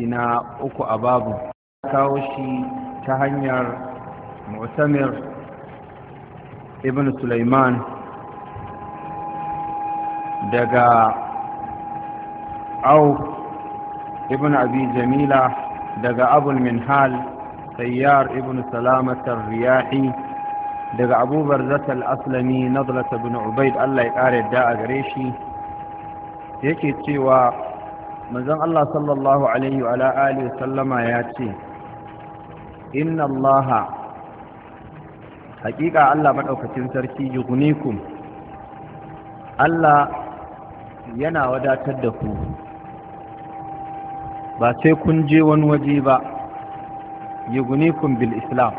na uku a babu kawo shi ta hanyar mu'tamir ibn Sulaiman daga au ibn abi jamila daga abul minhal sayyar ibn salamatar riyahi daga abubar zatal aslami nazlata ibn ubaid allah ya ƙara yadda a gare shi yake cewa manzon Allah sallallahu alaihi wa alihi sallama ya ce inna Allah haƙiƙa Allah maɗaukacin sarki yughnikum Allah yana wadatar da ku ba sai kun je wani waje ba yughnikum bil islam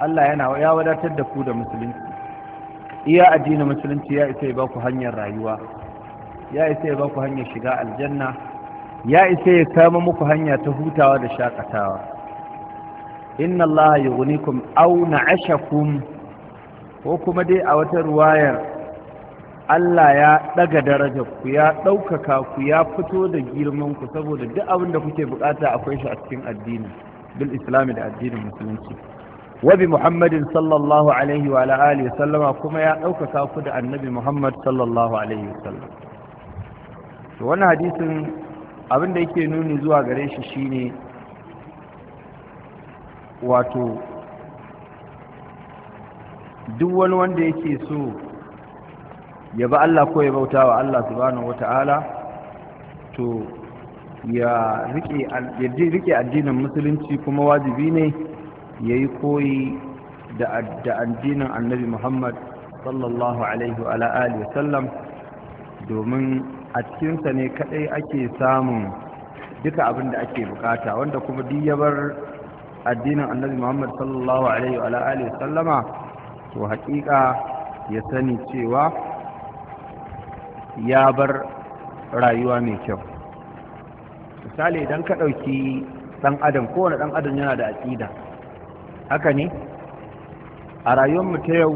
Allah yana ya wadatar da ku da musulunci iya addinin musulunci ya isa ya ba ku hanyar rayuwa ya isa ya ba ku hanyar shiga aljanna ya isa ya kama muku hanya ta hutawa da shakatawa inna Allah ya gunikum au na'ashakum ko kuma dai a wata ruwayar Allah ya daga darajar ku ya ɗaukaka ku ya fito da girman ku saboda duk abin da kuke bukata akwai shi a cikin addini bil islami da addinin musulunci wa muhammadin sallallahu alaihi wa alihi wa sallama kuma ya ɗaukaka ku da annabi muhammad sallallahu alaihi wa sallam to wannan hadisin abin da yake nuni zuwa gare shi shine wato duk wani wanda yake so ya ba Allah ko ya bauta wa Allah subhanahu wata'ala to ya rike addinin musulunci kuma wajibi ne ya yi koyi da addinin annabi muhammad sallallahu alaihi wa alihi wasallam domin a cikinsa ne kadai ake samun duka abin da ake bukata wanda kuma duk ya bar addinin annabi muhammad sallallahu alaihi wa alihi sallama to hakika ya sani cewa ya bar rayuwa mai kyau misali idan ka ɗauki ɗan adam kowane ɗan adam yana da aƙida haka ne a rayuwar mu ta yau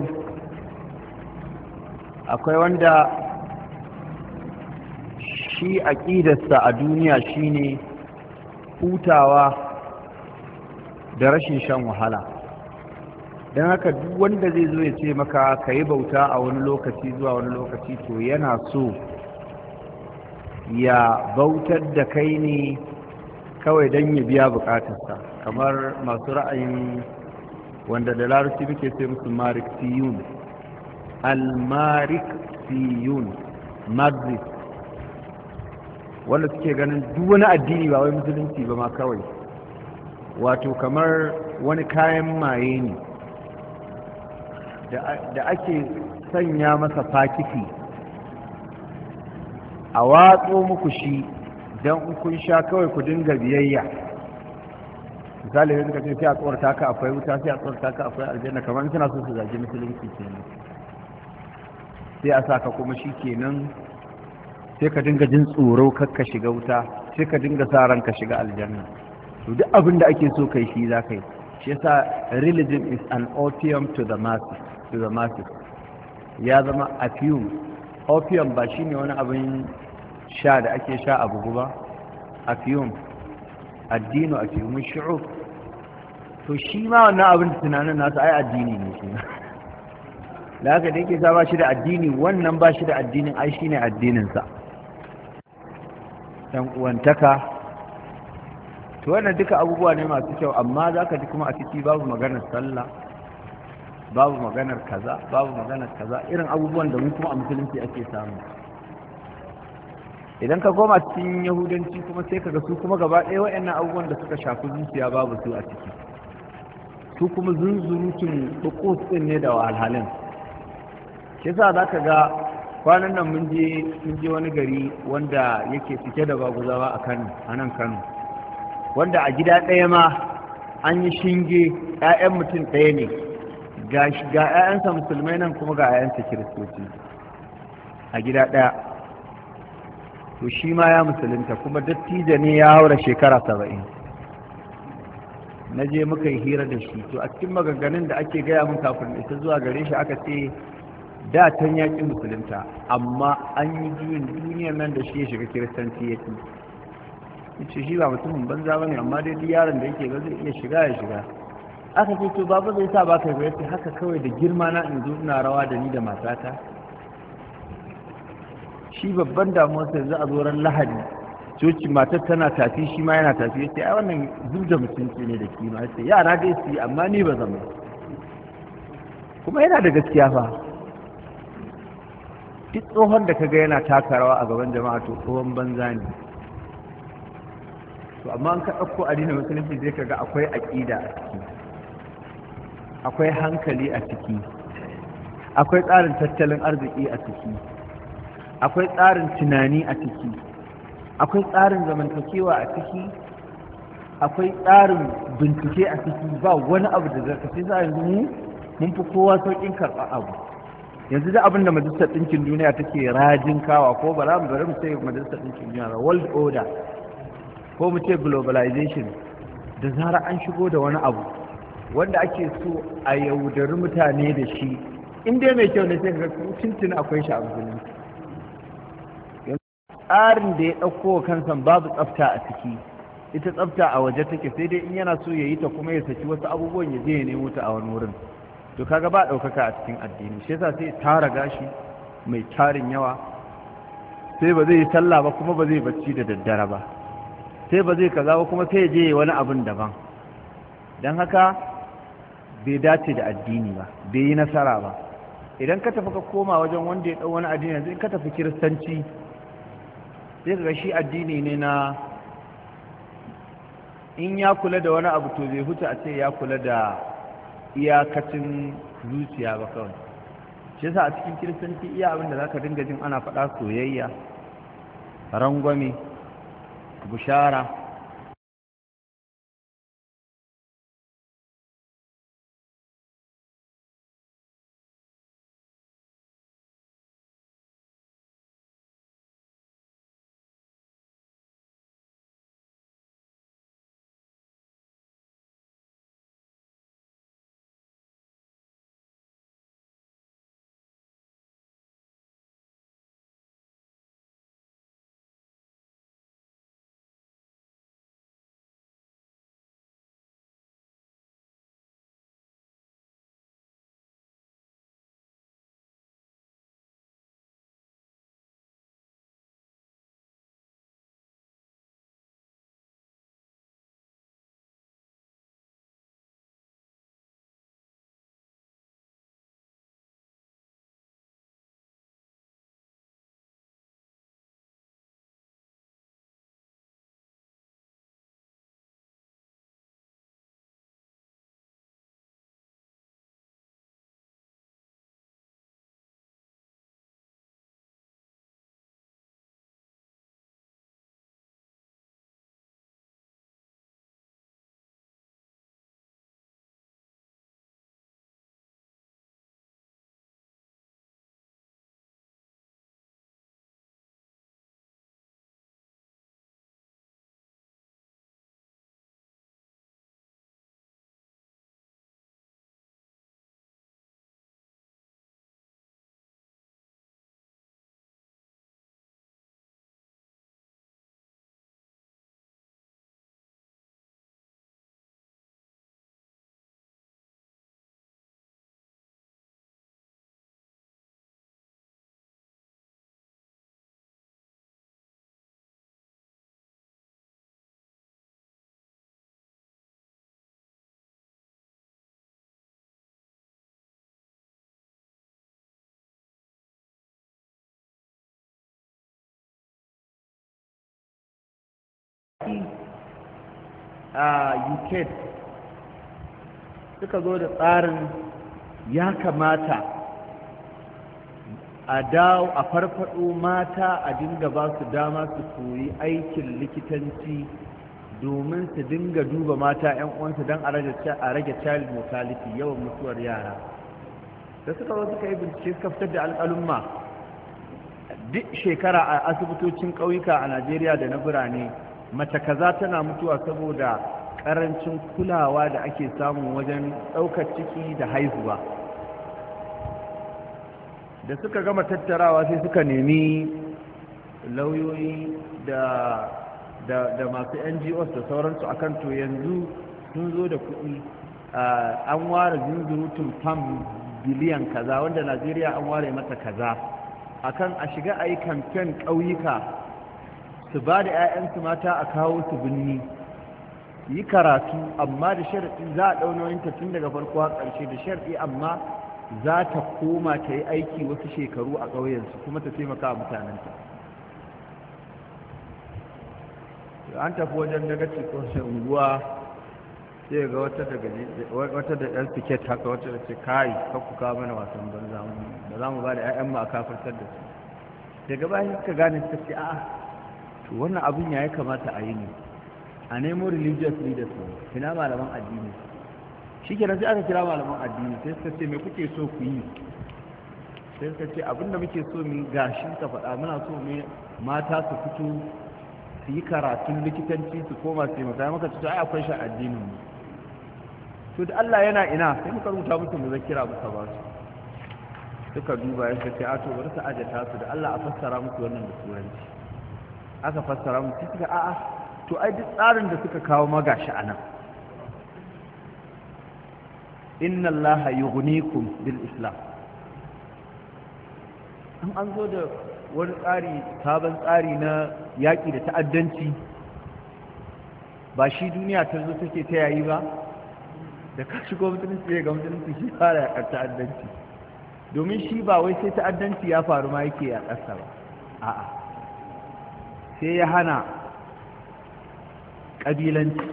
akwai wanda shi aƙidarsa a duniya shine hutawa da rashin shan wahala don haka duk wanda zai zo ya ce maka ka yi bauta a wani lokaci zuwa wani lokaci to yana so ya bautar da kai ne kawai don ya biya bukatarsa kamar masu ra'ayin wanda da larabci muke sai musu marik siyun al-marik siyun wanda suke ganin duk wani addini ba wai musulunci ba ma kawai wato kamar wani kayan maye ne da ake sanya masa fakiti a watso muku shi don kun sha kawai ku dinga biyayya misali yanzu kace sai a tsorata taka akwai wuta sai a tsorata taka akwai aljanna kamar suna so su zagi musulunci kenan sai a saka kuma shi kenan sai ka dinga jin tsoro kakka shiga wuta sai ka dinga sa ranka shiga aljanna to duk abin da ake so kai shi za ka yi shi yasa religion is an opium to the masses to the masses ya zama opium opium ba shine wani abin sha da ake sha a bugu ba opium addinu mun shi'u to shi ma wannan abin tunanin nasu ai addini ne shi da haka da yake sa ba shi da addini wannan ba shi da addinin ai ne addininsa ɗan uwantaka to wannan duka abubuwa ne masu kyau amma za ka ji kuma a ciki babu maganar sallah babu maganar kaza babu maganar kaza irin abubuwan da mu kuma a musulunci ake samu idan ka goma cikin yahudanci kuma sai ka su kuma gaba ɗaya waɗannan abubuwan da suka shafi zuciya babu su a ciki su kuma zunzurutun hukus ɗin ne da wahalhalin shi sa za ka ga kwanan nan mun je mun je wani gari wanda yake cike da baguzawa a Kano a nan Kano wanda a gida ɗaya ma an yi shinge 'ya'yan mutum ɗaya ne ga 'ya'yansa musulmai nan kuma ga 'ya'yansa kiristoci a gida ɗaya to shi ma ya musulunta kuma dattijo ne ya haura shekara saba'in na je muka yi hira da shi to a cikin maganganun da ake gaya mun kafin isa zuwa gare shi aka ce da tan ya musulunta amma an yi juyin duniyar nan da shi ya shiga kiristanci ya ƙi ce shi ba mutumin banza ba ne amma dai duk yaron da yake ba zai iya shiga ya shiga aka ce to baba zai sa ba kai ba yace haka kawai da girma na in zo ina rawa da ni da matata shi babban damuwar sai za a zo ran lahadi coci matar tana tafi shi ma yana tafi yace ai wannan da mutunci ne da kima yace yara dai su yi amma ni ba zama kuma yana da gaskiya fa duk tsohon da kaga yana takarawa a gaban jama'a to tsohon banza ne to amma an ka ɗauko addinin musulunci zai kaga akwai aƙida a ciki akwai hankali a ciki akwai tsarin tattalin arziki a ciki akwai tsarin tunani a ciki akwai tsarin zamantakewa a ciki akwai tsarin bincike a ciki ba wani abu da zarka sai a yanzu mu mun fi kowa sauƙin karɓar abu yanzu da abin da majalisar ɗinkin duniya take rajin kawa ko ba za mu bari mu sai majalisar ɗinkin duniya ba world order ko mu ce globalization da zara an shigo da wani abu wanda ake so a yaudari mutane da shi in mai kyau ne sai ga tuntun akwai shi a musulunci tsarin da ya ɗauko kansa babu tsafta a ciki ita tsafta a waje take sai dai in yana so ya yi ta kuma ya saki wasu abubuwan ya je ya nemo ta a wani wurin to kaga ba ɗaukaka a cikin addini shi yasa sai tara gashi mai tarin yawa sai ba zai yi sallah ba kuma ba zai bacci da daddare ba sai ba zai kaza ba kuma sai je wani abin daban don haka bai dace da addini ba bai yi nasara ba idan ka tafi ka koma wajen wanda ya dau wani addini yanzu in ka tafi kiristanci sai ka ga shi addini ne na in ya kula da wani abu to zai huta a ce ya kula da iyakacin zuciya ba kawai shi yasa a cikin kiristanci iya abin da zaka dinga jin ana faɗa soyayya rangwame bushara a uk suka zo da tsarin ya kamata a dawo a farfado mata a dinga ba su dama su koyi aikin likitanci domin su dinga duba mata 'yan uwansu don a rage child mortality yawan mutuwar yara da suka zo suka yi bincike suka fitar da al'alumma duk shekara a asibitocin ƙauyuka a najeriya da na birane mace kaza tana mutuwa saboda karancin kulawa da ake samu wajen ɗaukar ciki da haihuwa da suka gama tattarawa sai suka nemi lauyoyi da da masu ngos da sauransu akan to yanzu sun zo da kuɗi an ware zinzurutun fam biliyan kaza wanda najeriya an ware mata kaza akan a shiga a yi kamfen ƙauyuka su ba da 'ya'yansu mata a kawo su binni yi karatu amma da sharaɗi za a ɗaunoyinta tun daga farko a ƙarshe da sharaɗi amma za ta koma ta yi aiki wasu shekaru a ƙauyensu kuma ta taimaka a mutanenta an tafi wajen daga cikin unguwa sai ga wata da ɗan tiket haka wata da ce kai kakku ka mana wasan banza da za mu ba da 'ya'yan mu a kafartar da su daga bayan suka gane suka ce a'a to wannan abin ya kamata a yi ne a nemo religious leaders ne kina malaman addini shi kenan sai aka kira malaman addini sai suka ce me kuke so ku yi sai suka ce abinda muke so mu gashi ka faɗa muna so mu mata su fito su yi karatun likitanci su koma su mata maka su ai akwai shi addinin mu to da Allah yana ina sai muka rubuta musu mu zakira muka ba su suka duba ya ce a to bari su ajata su da Allah a fassara musu wannan da turanci aka fassara mu sai suka a'a to ai duk tsarin da suka kawo magashi anan inna allaha yughnikum bil islam an an zo da wani tsari sabon tsari na yaƙi da ta'addanci ba shi duniya ta zo take ta yayi ba da ka shigo sai ga su shi fara yaƙar ta'addanci domin shi ba wai sai ta'addanci ya faru ma yake ya yaƙarsa ba a'a sai ya hana ƙabilanci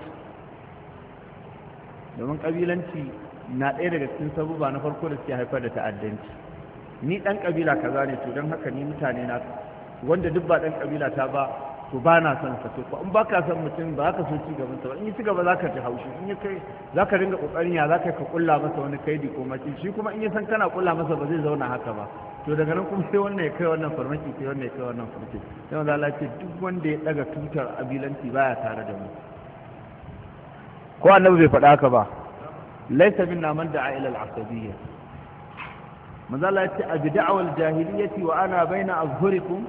domin ƙabilanci na ɗaya daga cikin ba na farko da suke haifar da ta'addanci ni ɗan ƙabila kaza ne to don haka ni mutane na wanda duk ba ɗan ƙabila ta ba to ba na son sa to in ba ka son mutum ba za ka so ci gaban sa ba in yi ci gaba za ka ji haushi in yi kai za ka ringa ƙoƙarin ya za ka ka ƙulla masa wani kaidi ko maci shi kuma in yi san kana ƙulla masa ba zai zauna haka ba to daga nan kuma sai wannan ya kai wannan farmaki sai wannan ya kai wannan farmaki sai wanda Allah ce duk wanda ya daga tutar abilanci ba ya tare da mu ko annabi bai faɗa haka ba laisa min man da a ilal asabiyya manzo Allah ya ce abda'u al-jahiliyyati wa ana baina azhurikum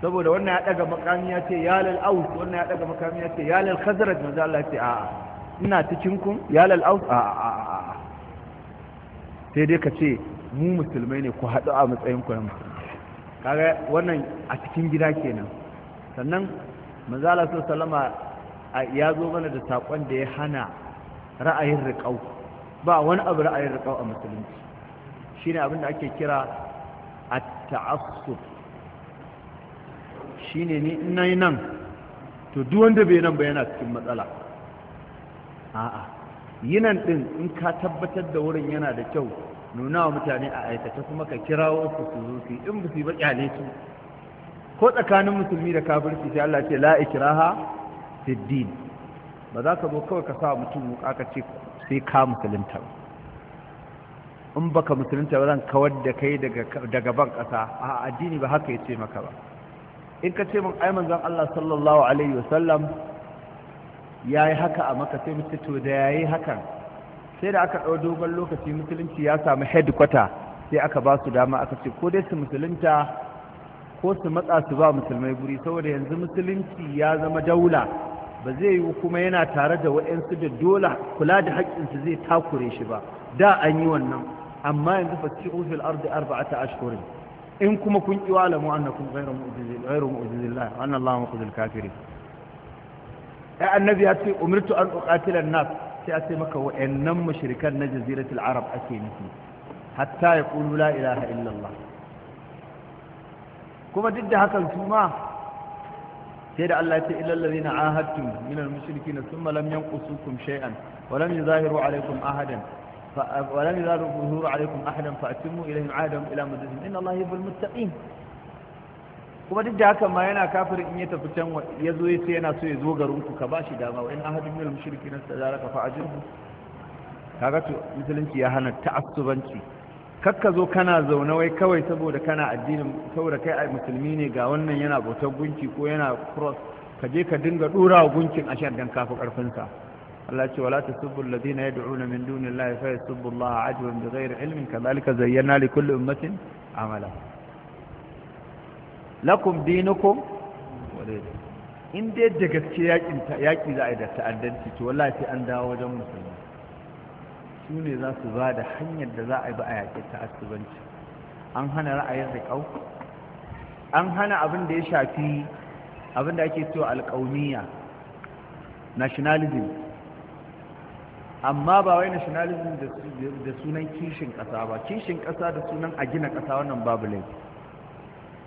saboda wannan ya daga makami ya ce ya lal aus wannan ya daga makami ya ce ya lal khazraj manzo Allah ya ce a'a ina cikin kun ya lal aus a'a sai dai ka ce mu musulmai ne ku haɗu a matsayin ku na musulmai kaga wannan a cikin gida kenan sannan manzala so salama ya zo mana da saƙon da ya hana ra'ayin riƙau ba wani abu ra'ayin riƙau a musulunci shi ne abinda ake kira a ta'assub shi ne ni ina yi nan to duk wanda bai nan ba yana cikin matsala a'a yinan ɗin in ka tabbatar da wurin yana da kyau nuna wa mutane a aikata kuma ka kirawo su su zo su in su ba kyale su ko tsakanin musulmi da kafirci sai Allah ce la ikraha fi din ba za ka zo kawai ka sa mutum wuka ka ce sai ka musulunta ba in baka musulunta ba zan kawar da kai daga ban ƙasa a addini ba haka ya ce maka ba in ka ce min ai manzon Allah sallallahu alaihi wasallam yayi haka a maka sai mutum to da yayi hakan sai da aka ɗau dogon lokaci musulunci ya samu headquarter sai aka ba su dama aka ce ko dai su musulunta ko su matsa su ba musulmai guri saboda yanzu musulunci ya zama daula ba zai yi kuma yana tare da waɗansu da dole kula da haƙƙinsu zai takure shi ba da an yi wannan amma yanzu fa ci ofil ardi arba'ata ashhurin in kuma kun ƙi wa alamu annakum ghayru mu'jizil ghayru mu'jizillah anna allaha muqzil kafirin ai annabi ya ce umirtu an uqatila an-nas sai a ce maka wa'annan mushrikan na jaziratul arab ake nufi hatta ya qulu la ilaha illallah kuma duk da hakan su ma sai da Allah ya ce illal ladina ahadtum min al mushrikin thumma lam yanqusukum shay'an wa lam yuzahiru alaykum ahadan ولم يزالوا ظهور عليكم أحدا فأتموا إليهم عادهم إلى مدتهم إن الله يحب المتقين kuma duk da haka ma yana kafirin in ya tafi can ya zo ya ce yana so ya zo garin ku ka bashi dama wa in ahadin minal mushrikin ka fa ajirhu kaga to musulunci ya hana ta'assubanci kakka zo kana zaune wai kawai saboda kana addinin saboda kai ai musulmi ne ga wannan yana bautar gunki ko yana cross ka je ka dinga dora wa gunkin a dan kafa karfin sa Allah ce wala tasubbu alladhina yad'una min dunillahi fa yasubbu Allah adwan bighayri ilmin kadhalika zayyana likulli ummatin amala lakum dinukum in dai da gaske yaƙi za a yi da ta'addanci to wallahi sai an dawo wajen musulmi su ne za su ba da hanyar da za a yi ba a yaƙi ta'addanci an hana ra'ayin riƙau an hana abin da ya shafi abin da ake cewa alƙauniya nationalism amma ba wai nationalism da sunan kishin ƙasa ba kishin ƙasa da sunan a gina ƙasa wannan babu laifi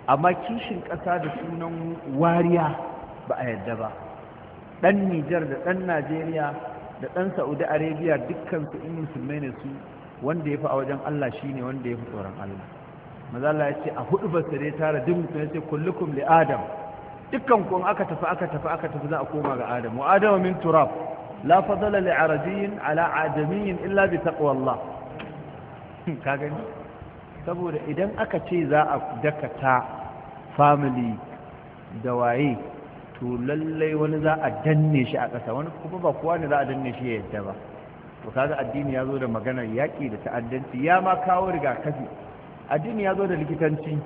amma kishin ƙasa da sunan wariya ba a yadda ba ɗan nijar da ɗan najeriya da ɗan saudi arabia dukkansu in musulmai ne su wanda ya fi a wajen allah shine wanda ya fi tsoron allah Maza Allah ya ce a hudu ba su dai tara duk mutum ya ce kullukum li adam dukkan kun aka tafi aka tafi aka tafi za a koma ga adam wa adam min turab la fadala li arabiyyin ala adamiyyin illa bi allah ka gani saboda idan aka ce za a dakata family da waye to lallai wani za a danne shi a ƙasa wani kuma ba kowa ne za a danne shi ya yadda ba to kaga addini ya zo da maganar yaƙi da ta'addanci ya ma kawo rigakafi addini ya zo da likitanci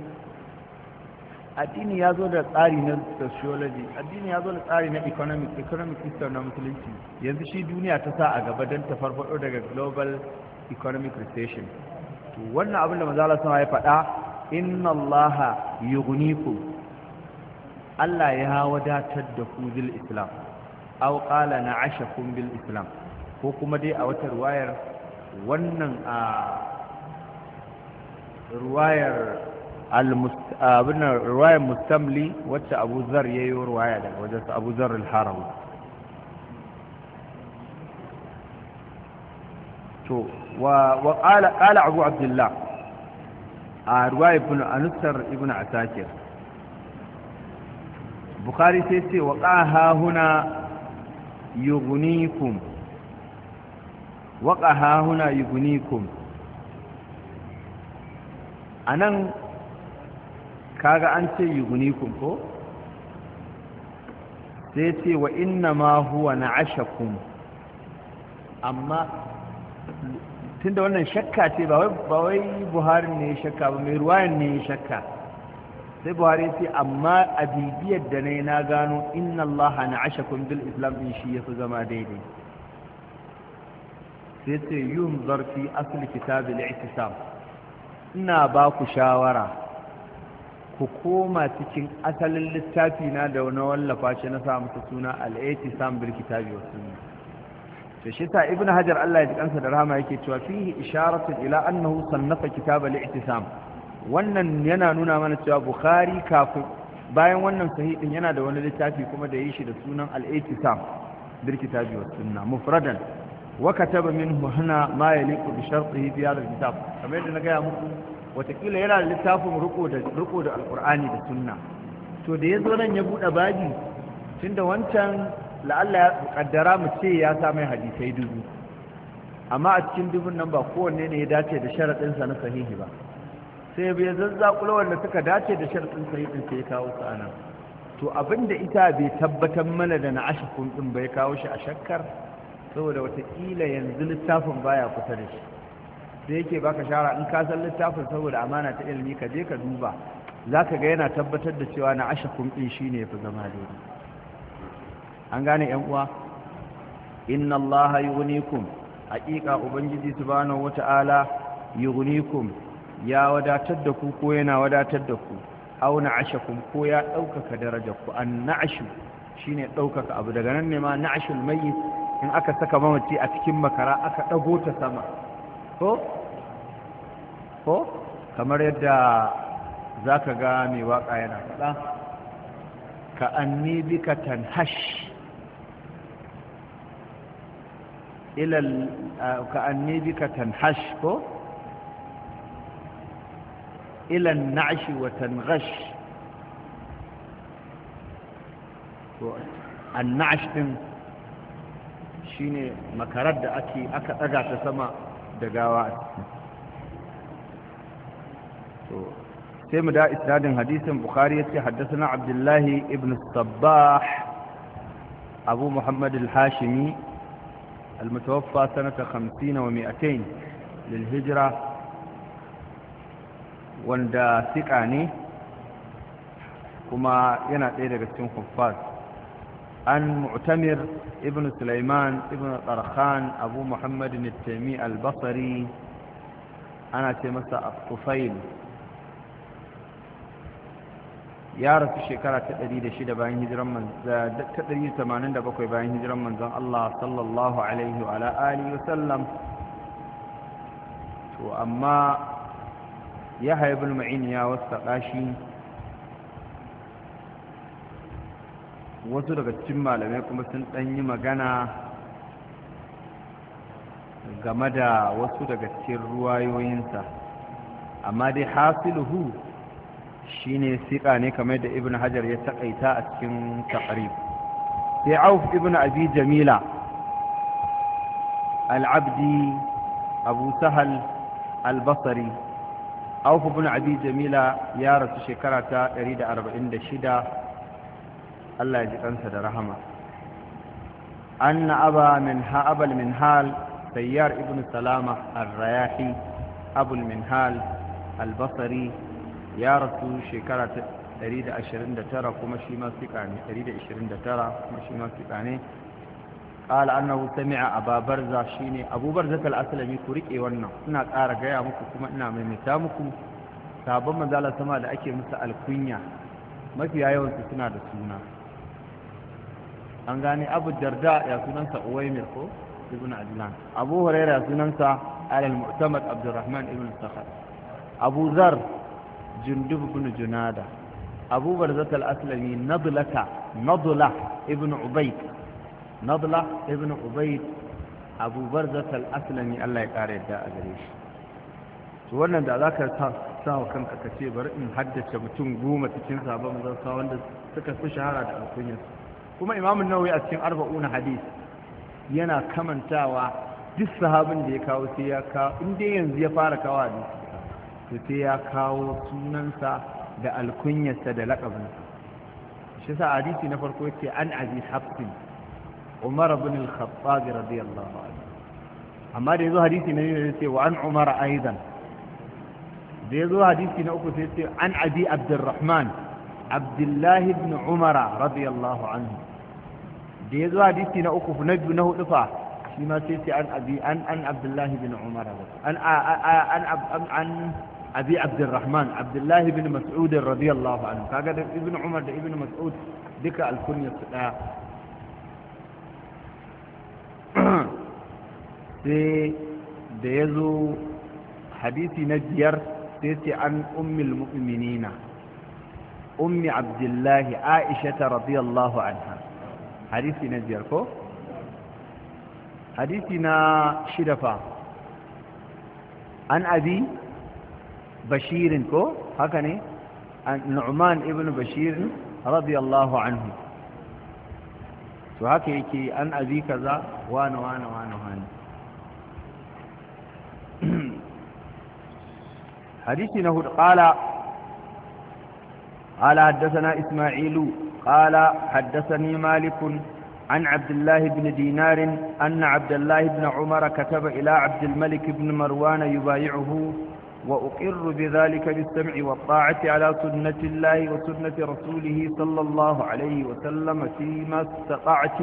addini ya zo da tsari na sociology addini ya zo da tsari na economic economic system na musulunci yanzu shi duniya ta sa a gaba don ta farfado daga global economic recession to wannan abin da manzala sama ya faɗa inna allaha yughnikum Allah ya wadatar da ku bil islam aw qala na'ashakum bil islam ko kuma dai a wata ruwayar wannan a ruwayar abin ruwayar mustamli wacce abu zar ya yi ruwaya daga wajen su abu zar al-harawi to wa ƙala abu abdullah a ruwa ibn anusar ibn asakir bukari sai ce wa ƙaha huna yugunikum wa ƙaha huna yugunikum a nan kaga an ce yugunikum ko sai ce wa inna ma huwa na amma tunda wannan shakka ce ba wai buhari ne shakka ba mai ruwayan ne shakka sai buhari ya ce amma a bibiyar da na na gano inna allaha na ashe bil islam din shi ya fi zama daidai sai ce yun zarfi asali kitabil ina ba ku shawara ku koma cikin asalin littafi na da wani wallafa shi na sa masa suna al-ikisam bil kitabi to shi ta ibnu hajar Allah ya ji kansa da rahama yake cewa fihi isharatu ila annahu sannafa kitaba al wannan yana nuna mana cewa bukhari kafin bayan wannan sahihin yana da wani littafi kuma da yi shi da sunan al-i'tisam bil kitabi was sunna mufradan wa kataba minhu hana ma yaliqu bi shartihi bi hadha al-kitab kamar yadda na ga muku watakila yana da littafin riko da riko da alqur'ani da sunna to da yazo nan ya buɗe babi tunda wancan la'alla kaddara mu ce ya sa mai hadisai dubu amma a cikin dubun nan ba kowanne ne ya dace da sa na sahihi ba sai bai zazzakula wanda suka dace da sharaɗin sahihin sai ya kawo su ana to abinda ita bai tabbatar mana da na ashikun ɗin bai kawo shi a shakkar saboda watakila yanzu littafin baya kusa da shi sai yake baka shara in ka san littafin saboda amana ta ilimi ka je ka duba za ka ga yana tabbatar da cewa na ashikun ɗin shi ne ya fi zama daidai an gane yan uwa inna allaha yughnikum haqiqa ubangiji subhanahu wata'ala yughnikum ya wadatar da ku ko yana wadatar da ku aw na'ashakum ko ya daukaka darajar ku an na'ashu shine daukaka abu daga nan ne ma na'ashul mayyit in aka saka mamaci a cikin makara aka dago ta sama ko ko kamar yadda zaka ga mai waka yana faɗa ka anni bika tanhash ilal ka annabi ka tanhash ko ilan na'shi wa tangash an annash din shine makarar da ake aka daga ta sama da gawa to sai mu da isnadin hadisin bukhari yace haddathana abdullahi ibn sabbah abu muhammad al-hashimi المتوفى سنة خمسين ومائتين للهجرة واندا ثقاني كما ينا تيدا قسيم خفاز عن معتمر ابن سليمان ابن طرخان ابو محمد التيمي البصري انا تيمسا الطفيل ya rasu shekara ta 106 bayan hijiran manzan ta 187 bayan hijiran manzan Allah sallallahu alaihi wa alihi wasallam to amma ya haibul ma'in ya wasaƙa shi wasu daga cikin malamai kuma sun ɗan yi magana game da wasu daga cikin ruwayoyinsa amma dai hasiluhu shine siƙa ne kamar da ibn hajar ya taƙaita a cikin taqrib sai auf ibnu abi jamila al-abdi abu sahal al-basri auf ibnu abi jamila ya rasu shekara ta 146 Allah ya ji kansa da rahama anna aba min abal min hal sayyar ibn salama al rayahi abul min hal al ya rasu shekara ta 129 kuma shi ma siƙa ne 129 kuma shi ma siƙa a قال أنه سمع أبا برزة شيني أبو برزة الأسلمي كوريكي وانا سنة قارة جاية مكو كما إنا من نتامكو sahabban manzala sama da ake musu alkunya mafiya yawansu suna da suna an gane abu darda ya sunansa uwaimir ko ibn adlan abu huraira ya sunansa alal mu'tamad abdurrahman ibn sakhar abu zar jundub ibn junada abu barzat al-aslami nadlata nadla ibn ubayd nadla ibn ubayd abu barzat al Allah ya kare da a gare shi wannan da zaka sa wa kanka kace bari in haddace mutum goma cikin sabon zaka wanda suka fi shahara da alkunya kuma Imamin nawawi a cikin arba'una hadith yana kamantawa duk sahabin da ya kawo sai ya kawo in yanzu ya fara kawo hadisi to sai ya kawo sunansa da alkunyarsa da laƙabinsa shi sa hadisi na farko yace an abi hafsin umar ibn al-khattab radiyallahu anhu amma da yazo hadisi na biyu yace wa an umar aidan da yazo hadisi na uku sai yace an abi abdurrahman abdullah ibn umar radiyallahu anhu da yazo hadisi na uku na biyu na hudu fa shi ma sai yace an abi an an abdullah ibn umar an an an abi abdurrahman abdullah ibn mas'ud radiyallahu anhu kaga da ibn umar da ibn mas'ud duka alkunya su daya sai da ya zo hadisi na biyar sai ce an ummil mu'minina ummi abdullahi aisha ta radiyallahu anha hadisi na biyar ko na shida an bashirin ko haka ne nu'man ibn bashirin radiyallahu anhu to haka yake an abi kaza wani wani wani wani حديثنا هو قال قال حدثنا إسماعيل قال حدثني مالك عن عبد الله بن دينار أن عبد الله بن عمر كتب إلى عبد الملك بن مروان يبايعه وأقر بذلك بالسمع والطاعة على سنة الله وسنة رسوله صلى الله عليه وسلم فيما استطعت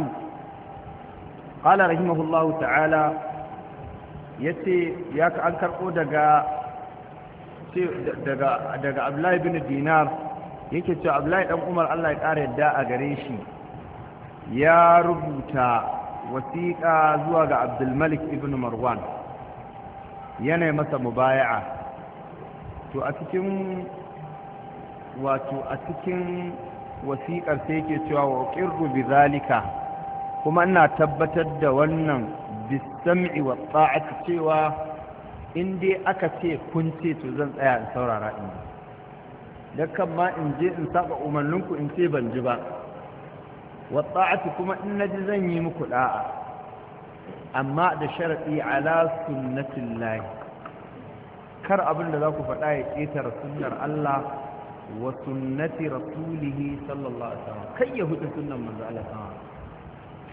قال رحمه الله تعالى يتي ياك أنكر قدقى daga daga Abdullahi bin Dinar yake cewa Abdullahi dan Umar Allah ya kare yadda a gare shi ya rubuta wasiƙa zuwa ga Abdul Malik ibn Marwan yana masa mubaya'a to a cikin wato a cikin wasiƙar sai ke cewa wa ƙirru bi zalika kuma ina tabbatar da wannan bisam'i wa ta'ati cewa in dai aka ce kun ce to zan tsaya in saurara in dakan ma in je in saba umarninku in ce ban ji ba wa ta'ati kuma in na ji zan yi muku da'a amma da sharaɗi ala sunnatin lahi kar abin da za ku faɗa ya ƙetare sunnar Allah wa sunnati rasulihi sallallahu alaihi wasallam kai ya huta sunnan manzo Allah sama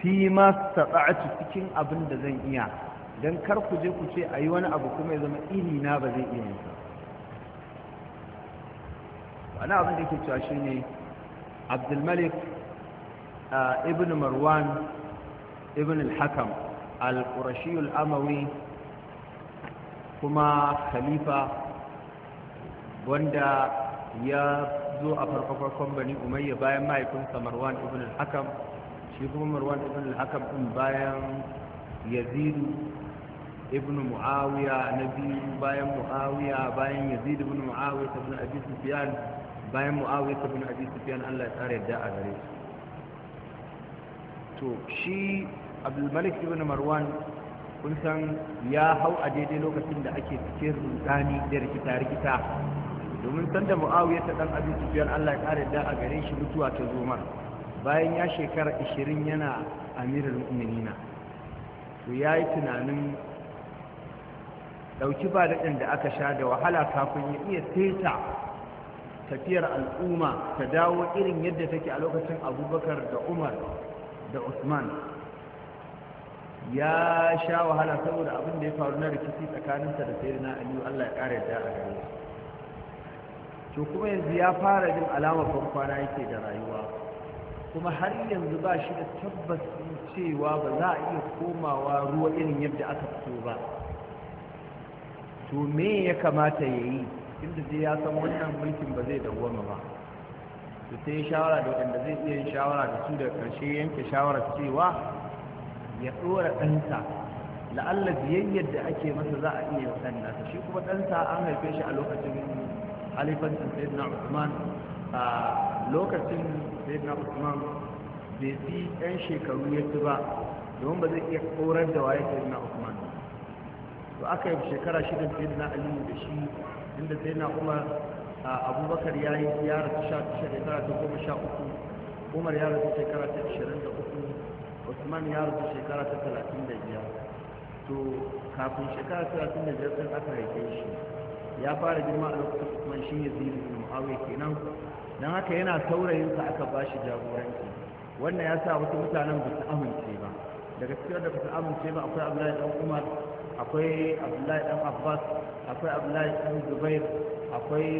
fi ma cikin abin da zan iya dan kar ku je ku ce ayi wani abu kuma ya zama iri na ba zai iya ba wani abin da yake cewa shine Abdul Malik ah, ibn Marwan ibn al-Hakam al-Qurashi al-Amawi kuma khalifa wanda ya zo a farko-farkon bani umayya bayan mahaifinsa marwan ibn al-hakam shi kuma marwan ibn al-hakam din bayan yazidu ibn muawiya na biyu bayan muawiya bayan yazid ibn muawiya ibn abi sufyan bayan muawiya ibn abi sufyan Allah ya tsara yadda a gare shi to shi Abdulmalik, malik ibn marwan kun san ya hau a daidai lokacin da ake cikin rudani da rikita-rikita domin san da mu'awiyar ta dan abin sufiyar allah ya ƙara da a gare shi mutuwa ta zoma bayan ya shekara ashirin yana amirar mu'minina to ya yi tunanin ɗauki ba ɗin da aka sha da wahala kafin ya iya seta tafiyar al'umma ta dawo irin yadda take a lokacin abubakar da umar da usman ya sha wahala saboda abin da ya faru na rikici tsakaninsa da na aliyu allah ya kara yadda a gare to kuma yanzu ya fara jin alamar bankwana yake da rayuwa kuma har yanzu ba shi da tabbas cewa ba za a iya komawa ruwa irin yadda aka fito ba to me ya kamata ya yi inda zai ya san wannan mulkin ba zai dawwama ba to sai shawara da waɗanda zai iya shawara da su da karshe yanke shawarar cewa ya ɗora ɗansa la'alla biyayyar da ake masa za a iya yau sani nasa shi kuma ɗansa an haife shi a lokacin halifancin sayyidina usman a lokacin sayyidina usman bai fi ɗan shekaru ya ci ba domin ba zai iya korar da waye sayyidina usman to aka yi shekara shida sayyidina aliyu da shi inda sayyidina umar abubakar ya yi ziyara ta shekara ta goma sha uku umar ya rasu shekara ta ashirin da uku usman ya rufe shekara ta talatin da biyar to kafin shekara talatin da biyar sun aka haife shi ya fara girma a lokacin usman shi ne zai rufe mu'awai kenan don haka yana saurayinsa aka ba shi jagoranci wannan ya sa wasu mutanen ba su amince ba daga cikin da ba su amince ba akwai abdullahi dan umar akwai abdullahi dan abbas akwai abdullahi dan zubair akwai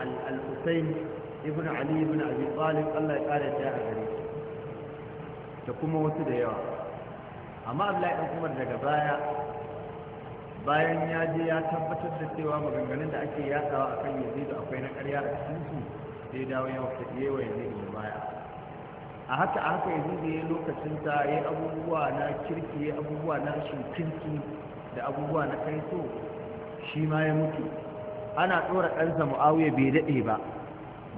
al-husayn ibn ali ibn abi talib Allah ya kare ta a gare shi da kuma wasu da yawa amma abu dan kuma daga baya bayan ya je ya tabbatar da cewa maganganun da ake yatsawa akan yazidu akwai na karya a cikin su sai dawo ya wata yewa yazidu da baya a haka a haka da ya lokacin ta ya abubuwa na kirki ya abubuwa na rashin kirki da abubuwa na kai so shi ma ya mutu ana ɗora ɗansa mu'awiya bai daɗe ba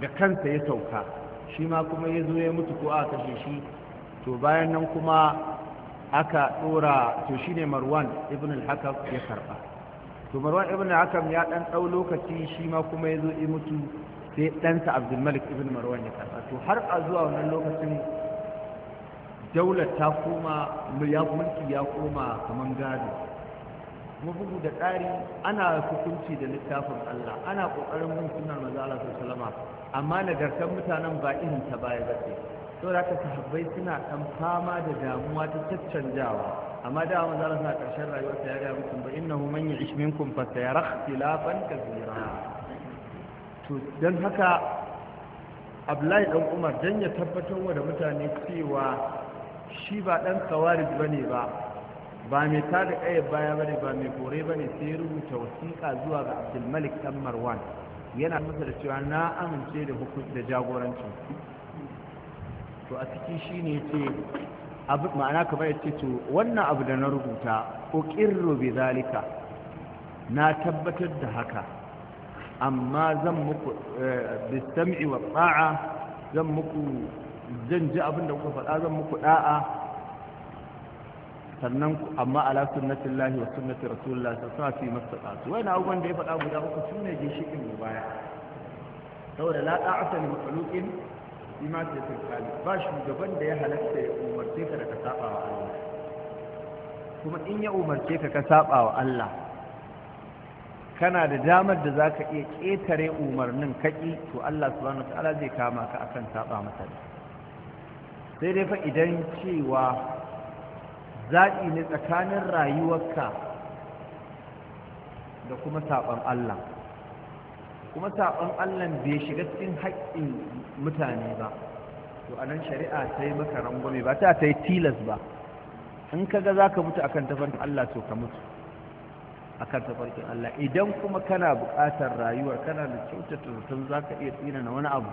da kansa ya sauka shi ma kuma ya zo ya mutu ko a kashe shi to bayan nan kuma aka dora to shine marwan ibn al-hakam ya karba to marwan ibn al-hakam ya dan dau lokaci shi ma kuma yazo yi mutu sai ɗansa abdulmalik ibn marwan ya karba to har a zuwa wannan lokacin daular ta koma mulki ya koma kaman gado kuma bugu da tsari ana hukunci da littafin Allah ana ƙoƙarin bin sunan manzo Allah sallallahu alaihi amma nagartan mutanen ba irin ta baya ba to da aka sahabbai suna ɗan fama da damuwa ta caccanjawa amma da wanda zara sa ƙarshen rayuwarsa ya ga mutum ba innahu man ya'ish minkum fa sayara ka kaseera to don haka Abdullahi dan Umar don ya tabbatar wa da mutane cewa shi ba ɗan dan ba ne ba ba mai da ƙaya baya ba ne, ba mai kore ne, sai rubuta wasiƙa zuwa ga Abdulmalik ɗan Marwan yana masa da cewa na amince da hukunci da jagorancin to a ciki shine yace abu ma'ana kamar yace to wannan abu da na rubuta uqirru bi zalika na tabbatar da haka amma zan muku eh, bi sam'i wa ta'a zan muku zan ji abin da kuka faɗa zan muku ɗa'a sannan amma ala sunnatin lahi wa sunnatin rasulullah sun sa fi mastaƙa su wani abubuwan da ya faɗa guda uku sun ne ginshiƙin mu baya saboda la ta'ata li makhluqin ba shugaban da ya halatta ya umarce ka da Allah kuma in ya umarce ka ka sabawa Allah kana da damar da zaka iya ƙetare umarnin kaki to Allah subhanahu wataala zai kama ka akan saba masa sai dai fa idan cewa zaɓi ne tsakanin rayuwarka da kuma saban Allah kuma saɓon allah bai shiga cikin haƙƙin mutane ba to a nan shari'a ta yi maka rangwame ba ta ta yi tilas ba in ka ga za ka mutu akan tafarkin allah to ka mutu akan tafarkin allah idan kuma kana buƙatar rayuwar kana da kyautata zaton za ka iya tsina na wani abu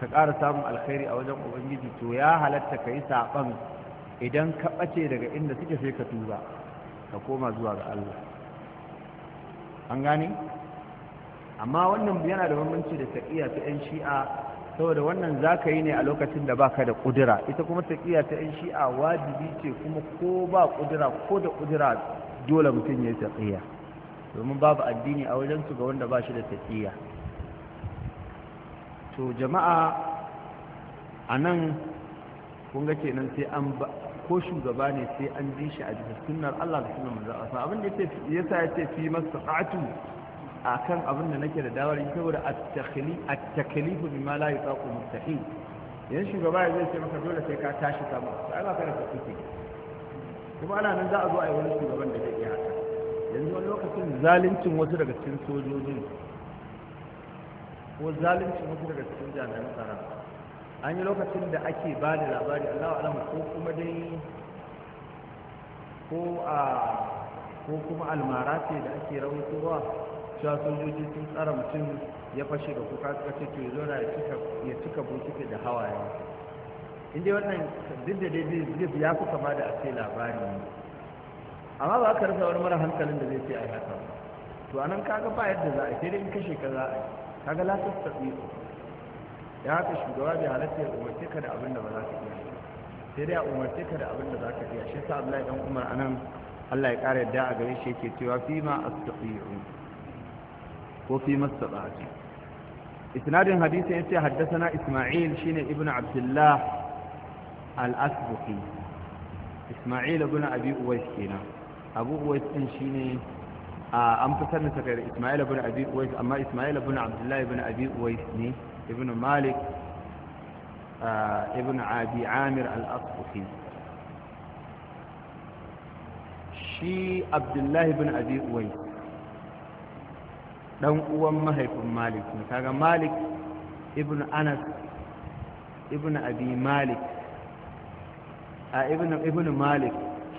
ka ƙara samun alkhairi a wajen ubangiji to ya halatta ka yi saɓon idan ka ɓace daga inda suke sai ka tuba ka koma zuwa ga allah an gane amma wannan yana da bambanci da taƙiya ta 'yan shi'a saboda wannan za ka yi ne a lokacin da ba ka da ƙudura ita kuma taƙiya ta 'yan shi'a wajibi ce kuma ko ba ƙudura ko da ƙudura dole mutum ya yi taƙiya domin babu addini a wajensu ga wanda ba shi da taƙiya to jama'a a nan kun ga kenan sai an ba ko shugaba ne sai an bi shi a jihar sunnar Allah da sunan manzo Allah abin da yake yasa yace fi masaqatu akan abin da nake da dawar yi saboda at-taklifu bima la yutaqu mustahil yan shugaba ya zai ce maka dole sai ka tashi ba sai ba ka da kuke kuma ana nan za a zo a yi wani shugaban da zai yi haka yanzu wani lokacin zaluncin wasu daga cikin sojojin ko zaluncin wasu daga cikin jami'an tsara an yi lokacin da ake ba da labari Allah alama ko kuma dai ko a ko kuma almara ce da ake rawaitowa cewa sojoji sun tsara mutum ya fashe da kuka suka ce to zo na ya cika bokiti da hawaye inda wannan duk da dai zai ya fi kama da a ce labari amma ba ka rasa wani mara hankalin da zai ce a yi haka to anan kaga ba yadda za a sai dai in kashe ka za a yi kaga lasar tafi ya haka shugaba bai halatta ya umarce ka da abin da ba za ka iya sai dai a umarce ka da abin da za ka iya shi sa Allah ya dan umar anan Allah ya kara yadda a gare shi yake cewa fi ma astaqiyu ko fi mastata'ati isnadin hadisin yace haddathana isma'il shine ibnu abdullah al-asbuqi isma'il ibn abi uwais kenan abu uwais din shine an fitar da sakar isma'il ibn abi uwais amma isma'il ibn abdullah ibn abi uwais ne ibn malik ibn abi amir al-asbuqi shi abdullahi ibn abi uwais Ɗan uwan mahaifin malik ne kaga malik ibn anas ibn abi malik a ibn ibn malik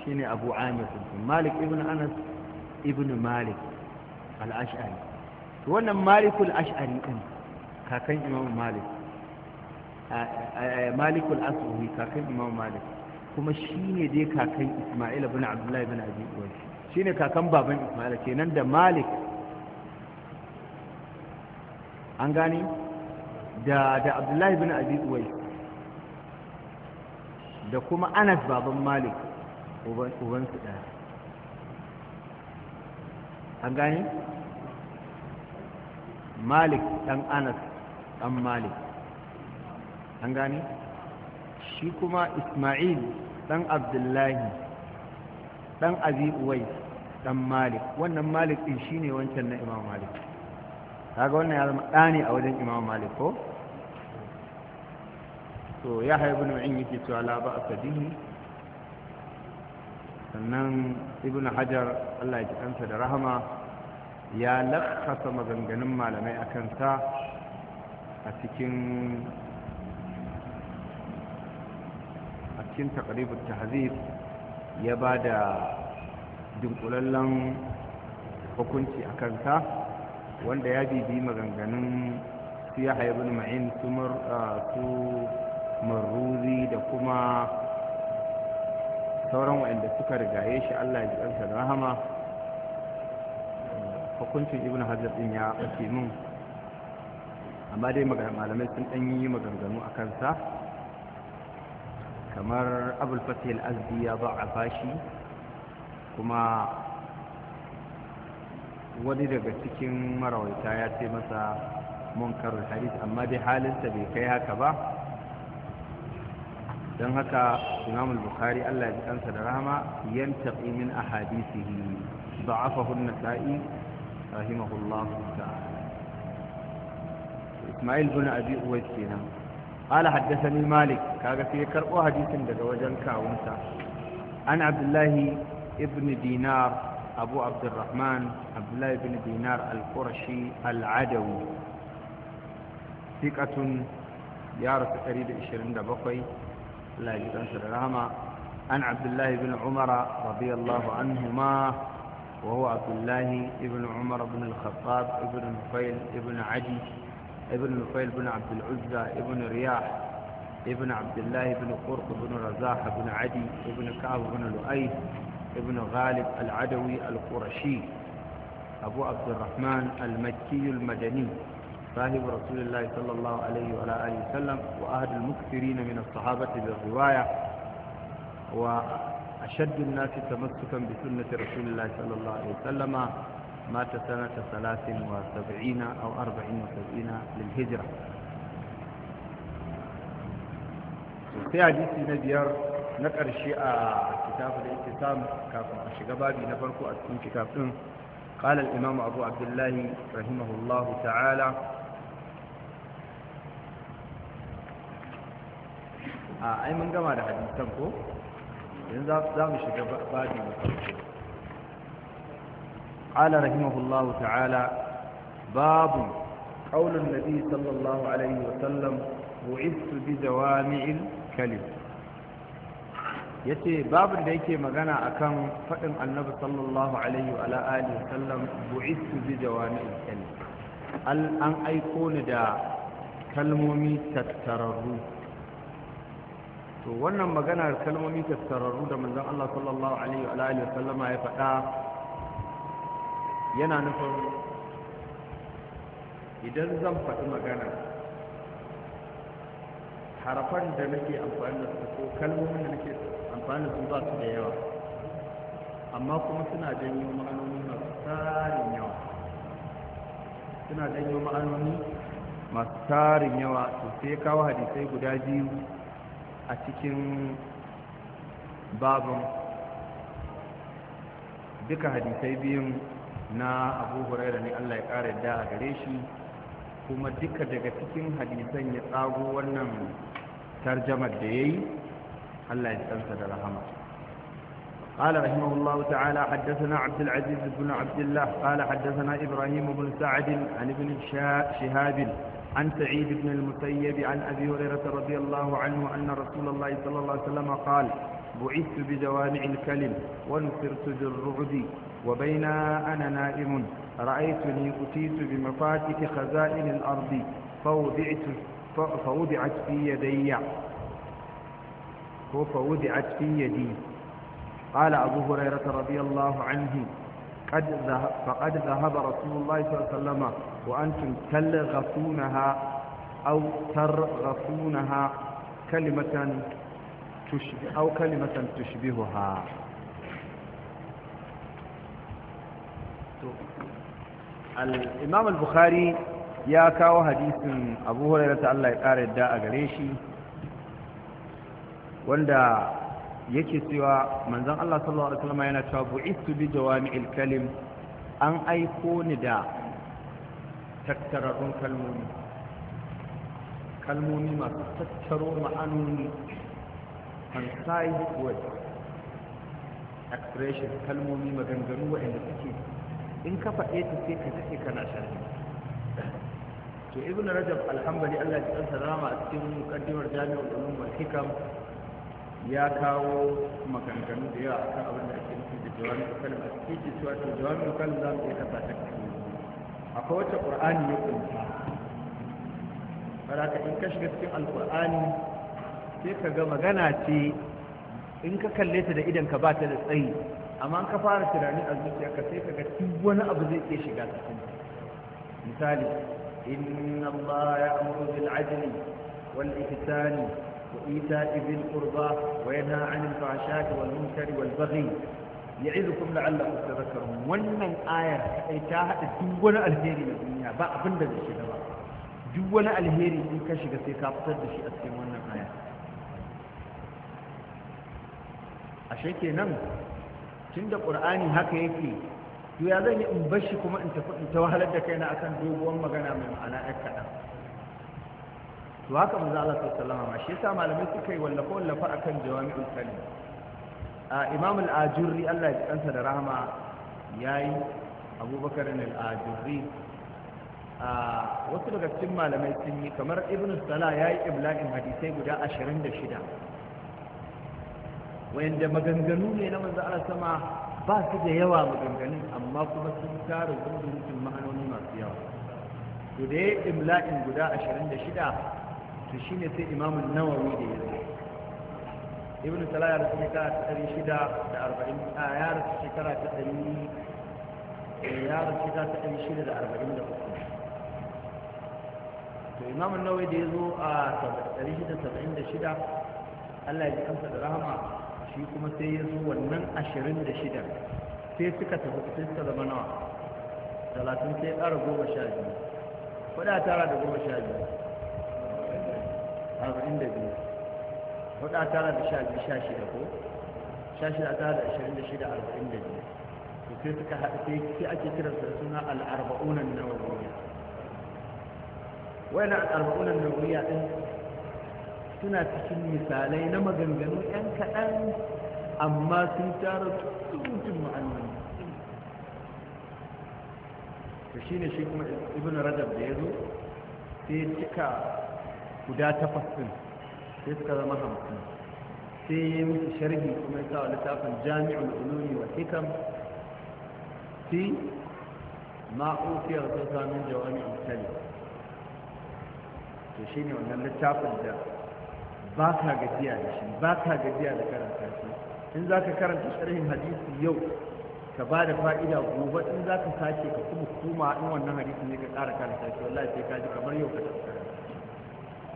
shine abu amir malik ibn anas ibn malik al-ash'ari to wannan malikul ash'ari din kakan imam malik malikul asbuhi kakan imam malik kuma shine dai kakan isma'il ibn abdullahi ibn abi uwais shine kakan baban isma'il kenan da malik an gane da da abdullahi bin abi da kuma anas baban malik ubansu ɗaya an gane malik ɗan anas ɗan malik an gane shi kuma ismail ɗan abdullahi ɗan abi uwais ɗan malik wannan malik ɗin shine wancan na imam malik kaga wannan ya zama ɗani a wajen imam malik ko to ya haibu nu'in yake cewa la ba a sannan ibn hajar allah ya kansa da rahama ya lakasa maganganun malamai a kansa a cikin a cikin takaribin tahzib ya ba da dunkulallen hukunci a kansa wanda ya bibi maganganun su ya haibin ma'in su maruri da kuma sauran waɗanda suka rigaye shi allah ya ji da rahama hukuncin ibn hajar din ya ɓace min amma dai malamai sun ɗan yi maganganu a kansa kamar abulfatih al'azdi ya ba a fashi kuma wani daga cikin marawaita ya ce masa munkarul hadith amma dai halinsa bai kai haka ba don haka imam al-bukhari Allah ya ji kansa da rahama yantaqi min ahadithihi da'afahu an-nasa'i rahimahullah ta'ala إسماعيل بن أبي أويس كينا قال حدثني مالك كاغا في كربو karbo hadisin daga wajen عن an الله ibn دينار أبو عبد الرحمن عبد الله بن دينار القرشي العدوي ثقة يارس أريد إشرين دبقي لا يجد أنشر رحمة عن عبد الله بن عمر رضي الله عنهما وهو عبد الله بن عمر بن الخطاب بن نفيل بن عدي بن نفيل بن عبد العزة بن رياح بن عبد الله بن قرق بن رزاح بن عدي بن كعب بن لؤي ابن غالب العدوي القرشي أبو عبد الرحمن المكي المدني صاحب رسول الله صلى الله عليه وعلى آله وسلم وأهد المكثرين من الصحابة بالرواية وأشد الناس تمسكا بسنة رسول الله صلى الله عليه وسلم مات سنة ثلاث وسبعين أو أربعين وسبعين للهجرة في حديث نبيار na ƙarshe a kitabu da ikisam kafin a shiga babi na farko a cikin kitab ɗin قال الإمام أبو عبد الله رحمه الله تعالى أي من قمع الحديث تنكو ينزل shiga babi na farko. قال رحمه الله تعالى باب قول النبي صلى الله عليه وسلم بعثت بجوامع الكلم ya ce babin da yake magana a kan faɗin annabi sallallahu alaihi wa ala'ali sallam bu'istu bi jawami ilmi an aiko ni da kalmomi tattararru to wannan maganar kalmomi tattararru da manzon Allah sallallahu alaihi wa ala'ali sallama ya faɗa yana nufin idan zan faɗi magana harafan da nake amfani da su ko kalmomin da nake sun ba su da yawa amma kuma suna janyo ma'anoni masu tarin yawa suna janyo ma'anoni masu tarin yawa su sai kawo hadisai guda biyu a cikin babin duka hadisai biyun na abu huraira ne allah ya kara yadda a gare shi kuma duka daga cikin hadisan ya tsago wannan tarjamar da ya yi الله يسألك الخمر قال رحمه الله تعالى حدثنا عبد العزيز بن عبد الله قال حدثنا إبراهيم بن سعد عن ابن شهاب عن سعيد بن المسيب عن أبي هريرة رضي الله عنه أن رسول الله صلى الله عليه وسلم قال بعثت بجوامع الكلم ونصرت بالرعد وبين أنا نائم رأيتني أتيت بمفاتح خزائن الأرض فوضعت, فوضعت في يدي فوضعت في يدي قال أبو هريرة رضي الله عنه قد ذهب فقد ذهب رسول الله صلى الله عليه وسلم وأنتم تلغفونها أو ترغفونها كلمة تشبه أو كلمة تشبهها الإمام البخاري يا كاو حديث أبو هريرة الله يقارد داء أغريشي wanda yake cewa manzon Allah sallallahu alaihi wasallam yana cewa bu'istu bi jawami'il kalim an aiko ni da tattararrun kalmomi kalmomi masu tattaro ma'anoni concise word expression kalmomi maganganu waɗanda suke in ka faɗe ta sai ka take kana sharhi to ibn rajab alhambali Allah ya tsara a cikin mukaddimar jami'ul ulum wal hikam ya kawo maganganu da yawa akan abin da ake nufi da jawami kalim a cikin ke cewa to jawami kalim za mu iya kasa ta kashi akwai wacce qur'ani ya kunta baraka in ka shiga cikin alqur'ani sai ka ga magana ce in ka kalle ta da idan ka ba ta da tsayi amma in ka fara tunani a zuciyarka sai ka ga duk wani abu zai iya shiga cikin misali inna allaha ya'muru bil adli wal ihsani وإيتاء ذي القربى وينهى عن الفحشاء والمنكر والبغي يعظكم لعلكم تذكرون wannan ayar kai ta hada duk wani alheri na duniya ba abin da zai shiga ba duk wani alheri in ka shiga sai ka fitar da shi a cikin wannan aya ashe kenan tunda qur'ani haka yake to ya zan yi in bashi kuma in tafi in ta wahalar da kaina akan doguwar magana mai ma'ana ɗan kaɗan to haka manzo Allah sallallahu alaihi shi yasa malamai suka yi wallafa wallafa akan jawami'ul kalim a imam al-ajurri Allah ya kansa da rahama yayi abubakar al-ajurri a wasu daga cikin malamai sun yi kamar ibn salah yayi ibla'in hadisai guda 26 wayanda maganganu ne na manzo Allah sama ba su da yawa maganganun amma kuma sun tara gudun ma'anoni masu yawa to da ya guda 26 to shi ne sai imamun nawawi da ya zai ibn salah ya rasu shekara ta ɗari shida da arba'in a ya rasu shekara ta ɗari ya rasu shekara ta ɗari shida da arba'in da uku to imamun nawawi da ya zo a ɗari shida saba'in da shida allah ya ji kansa da rahama shi kuma sai ya zo wannan ashirin da shida sai suka tafi sai suka zama nawa talatin sai ƙara goma sha biyu kuɗa tara da goma sha biyu arba'in da biyu hudu tara da sha biyu sha shida ko sha shida tara da ashirin da shida arba'in da biyu to sai suka haɗu sai ake kiransa da suna al'arba'unan nawawiya wayan al'arba'unan nawawiya ɗin suna cikin misalai na maganganu 'yan kaɗan amma sun tara tutun ma'anoni to shi ne shi kuma ibn rajab da ya zo sai cika guda takwas ɗin sai suka zama hamsin sai yi musu sharhi kuma ya sa littafin jami'ul ulumi wa hikam fi ma'ufiyar zauta min jawami'ul kalim to ne wannan littafin da ba ka gajiya da shi ba ka gajiya da karanta shi in za ka karanta sharhin hadisi yau ka ba da fa'ida gobe in za ka sake ka kuma koma in wannan hadisi ne ka ƙara karanta shi wallahi sai ka ji kamar yau ka tafi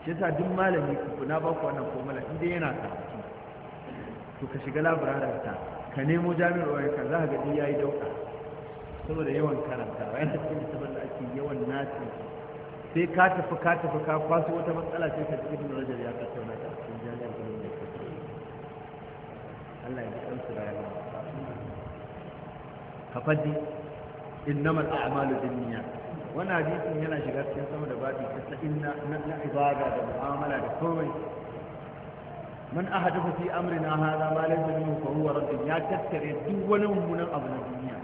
shi sa duk malami ku na baku wannan formula inda yana karatu to ka shiga labararin ta ka nemo jami'ar wayar ka za ka ga ya yi dauka saboda yawan karanta ta cikin saboda ake yawan nasi sai ka tafi ka tafi ka kwaso wata matsala sai ka cikin rajar ya ka tauna ta cikin jami'ar gudun da ke Allah ya ji su da yawa ka fadi innamal a'malu binniyat wannan hadisin yana shiga cikin sama da babi tasa'in na ibada da mu'amala da komai man ahadatha fi amrina hadha ma laysa minhu fa huwa radd ya tattare duk wani mummunan abu na duniya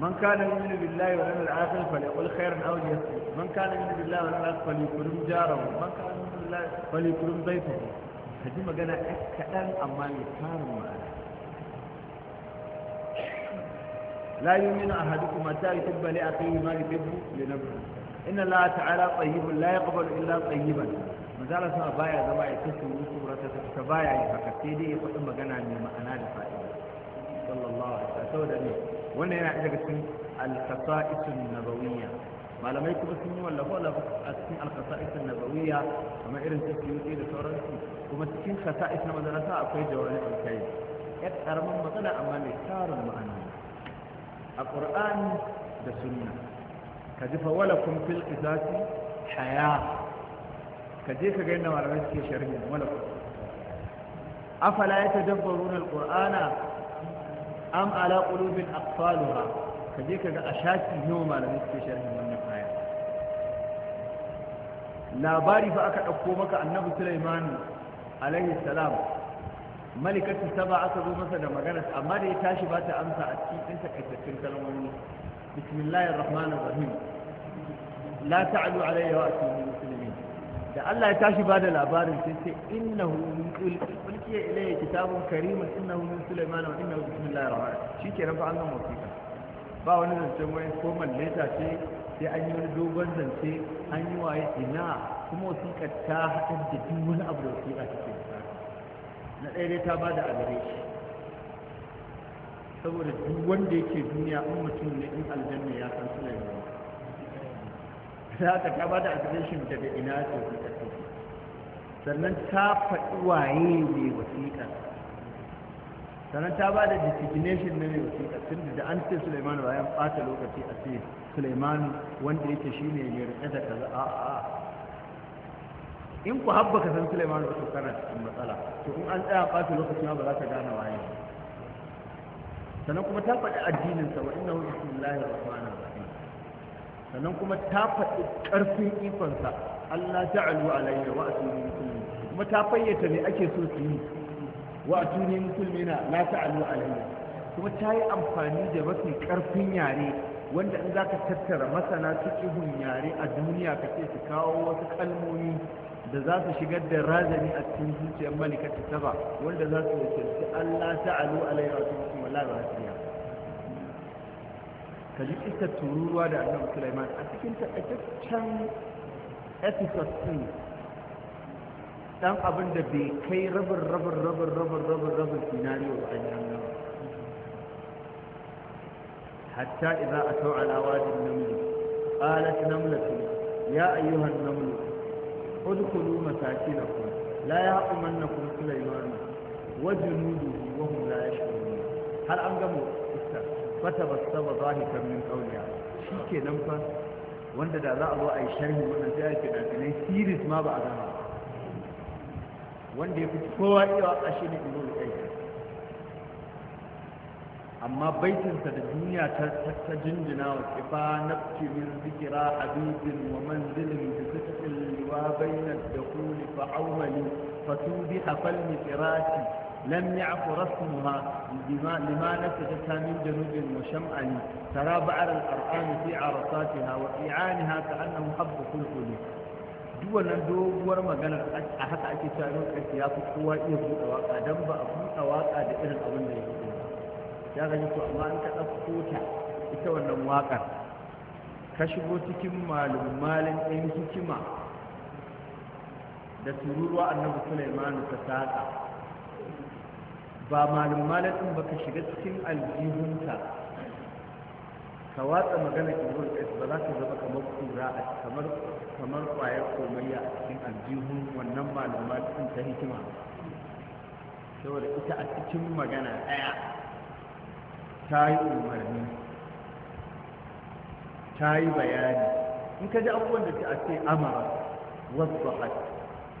من كان يؤمن بالله واليوم الاخر فليقل خيرا او ليصمت من كان يؤمن بالله واليوم الاخر فليكرم جاره من كان يؤمن بالله فليكرم ضيفه هذه magana kaɗan amma mai tarin ma'ana لا يؤمن أحدكم حتى يحب لأخيه ما يحب لنفسه إن الله تعالى طيب لا يقبل إلا طيبا مثال سنة بايا زما يكسر وصورة تتبايا يحكى سيدي يقول إما قنا من معنى لفائدة صلى الله عليه وسلم سودا لي وانا هنا عندك اسم الخصائص النبوية ما لم يكتب اسمي ولا هو لا اسم الخصائص النبوية وما إرن تسيوتي لسورة وما تكين خصائص نبوية أكوي جوانب الكيب يكتر من بطلع أما لكار المعنى a ƙur'ani da sunna ka ji fawala kun fil qisasi haya ka je ka ga yadda malamai suke sharhi wala kun afala yatadabbaruna alqur'ana am ala qulubin aqfaluha ka je ka ga a ne wa malamai suke sharhi wannan aya labari fa aka ɗauko maka annabi Sulaimani alaihi salam ta ba aka zo masa da magana amma da ya tashi ba ta amsa a cikin takaitattun kalmomi bismillahir rahmanir rahim la ta'alu alayya wa atubu muslimin da Allah ya tashi ba da labarin sai sai innahu ulqiya ilayya kitabun karimun innahu min sulaiman wa innahu bismillahir rahmanir rahim shikenan fa an gama wasiƙa ba wani zance wai ko malleta ce sai an yi wani dogon zance an yi waye ina kuma wasiƙar ta haɗar da duk wani abu da wasiƙa take na ɗaya dai ta ba da agare shi saboda duk wanda yake duniya in mutum ne in aljanna ya san su ne za ta ba da adireshin daga ina ce ta tafi sannan ta faɗi waye ne wasiƙa sannan ta ba da designation na mai wasiƙa tun da an ce Suleimanu bayan ɓata lokaci a ce Suleimanu wanda yake shi ne ya riƙe da kaza a'a in ku habba ka san Suleiman ba to kana cikin matsala to in an tsaya ba lokaci ma ba za ka gane waye sannan kuma ta faɗi addinin sa wa innahu bismillahir rahmanir rahim sannan kuma ta faɗi ƙarfin ikon sa Allah ta'alu alayya wa atuni muslimin kuma ta fayyace ne ake so su yi wa atuni muslimina la ta'alu alayya kuma ta yi amfani da mafi ƙarfin yare wanda in za ka tattara masana cikin yare a duniya ka ce su kawo wasu kalmomi da za su shigar da razani a cikin zuciyar malikar saba wanda za su wakilci Allah ta'alu alai rasulun wala rasiya ka ji tururuwa da annabi Sulaiman a cikin takaitaccen episode din dan abin da bai kai rabin rabin rabin rabin rabin rabin scenario ba a jihannan hatta idza ataw ala wadin naml qalat namlatun ya ayyuhan naml udkhulu masakinakum la ku sulaiman wa junuduhu wa hum la yashkurun har an gamo iska fatabassama zahikan min qawliha shikenan fa wanda da za a zo a yi sharhi wannan sai a fina-finai series ma ba a gama wanda ya fi kowa iya a shi ne ibn al amma baitinsa da duniya ta jinjina wa kifa nafci min zikira habibin wa manzilin bi sittin wa bainat dakhuli fa awmali fa tubiha fal miqrati lam ya'fu rasmuha lima nafata min janubin wa sham'ani tara ba'ar al-ar'an fi 'arasatiha wa i'anaha ka'annahu habbu khulquli duk wannan doguwar maganar a haka ake cewa ya fi kowa iya buɗe waka don ba a buɗe waka da irin abin da ya ya gani to amma an ka ɗauko ta ita wannan waƙar ka shigo cikin malum malin ɗin hikima da tururuwa annabi sulaimanu ta saƙa ba malum malin ɗin ba ka shiga cikin aljihunta ka watsa magana ibn qais ba za ka zama kamar kura a kamar kamar kwayar komayya a cikin aljihun wannan malum malin ta hikima saboda ita a cikin magana ɗaya ta yi umarni ta yi bayani in ka ji abubuwan da ta ce amara wasu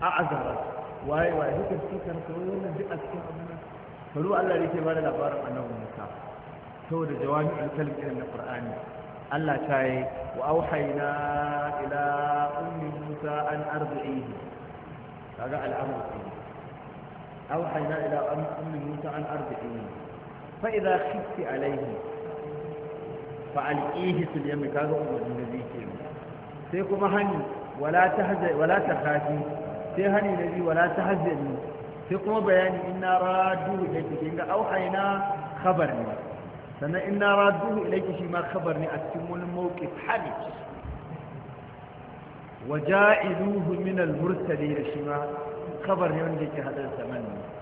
a azara waye waye dukkan su kan kawo wannan duk a cikin abin faru Allah ne ke ba da labarin annabi Musa saboda jawami alkalim irin na Qur'ani Allah ta yi wa auhayna ila ummi Musa an arbi'ihi kaga al'amr auhayna ila ummi Musa an arbi'ihi fa'iza khifti alaihi fa'alƙihi su ne mai kaga umarni da biyu ke sai kuma hannu wala ta haji sai hannu da biyu wala ta hajjani sai kuma bayani ina radu da ke kinga auhaina khabar ne sannan ina radu ilaiki shi ma khabar ne a cikin wani mawqif wa waja'iluhu min al-mursalin shi ma khabar ne wanda yake hadar saman ne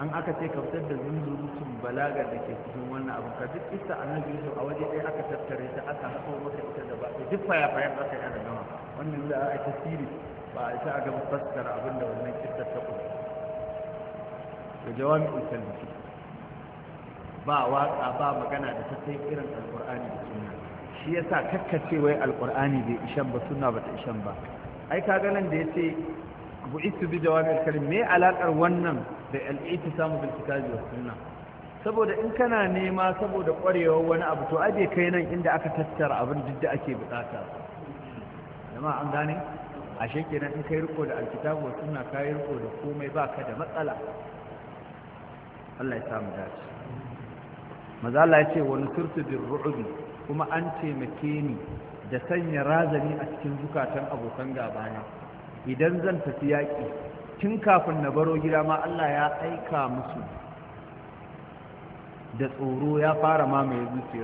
an aka ce kaftar da zunzurutun balagar da ke cikin wannan abu ka duk isa annabi yusuf a waje ɗaya aka tattare ta aka haɗo maka ita da ba duk faya fayafayan aka yi ana gama wannan za a ta ba a isa a gama fassara abin da wannan kistar ta ƙunshi da jawami usalmi ba waƙa ba magana da ta sai irin alƙur'ani da sunna shi yasa kakkace wai alƙur'ani bai ishan ba sunna ba ta ishan ba ai ka ganin da ya ce bu'istu bi jawami alkalim me alaƙar wannan da al'iti samu bilkitabi wa sunna saboda in kana nema saboda kwarewar wani abu to aje kai nan inda aka tattara abin duk da ake bukata jama'a an gane ashe kenan in kai riko da alkitabu wa sunna kai riko da komai baka da matsala Allah ya samu dace maza Allah ya ce wa ru'ubi kuma an taimake ni da sanya razani a cikin zukatan abokan gaba na, idan zan tafi yaƙi tun kafin na baro gida ma Allah ya aika musu da tsoro ya fara mamaye su.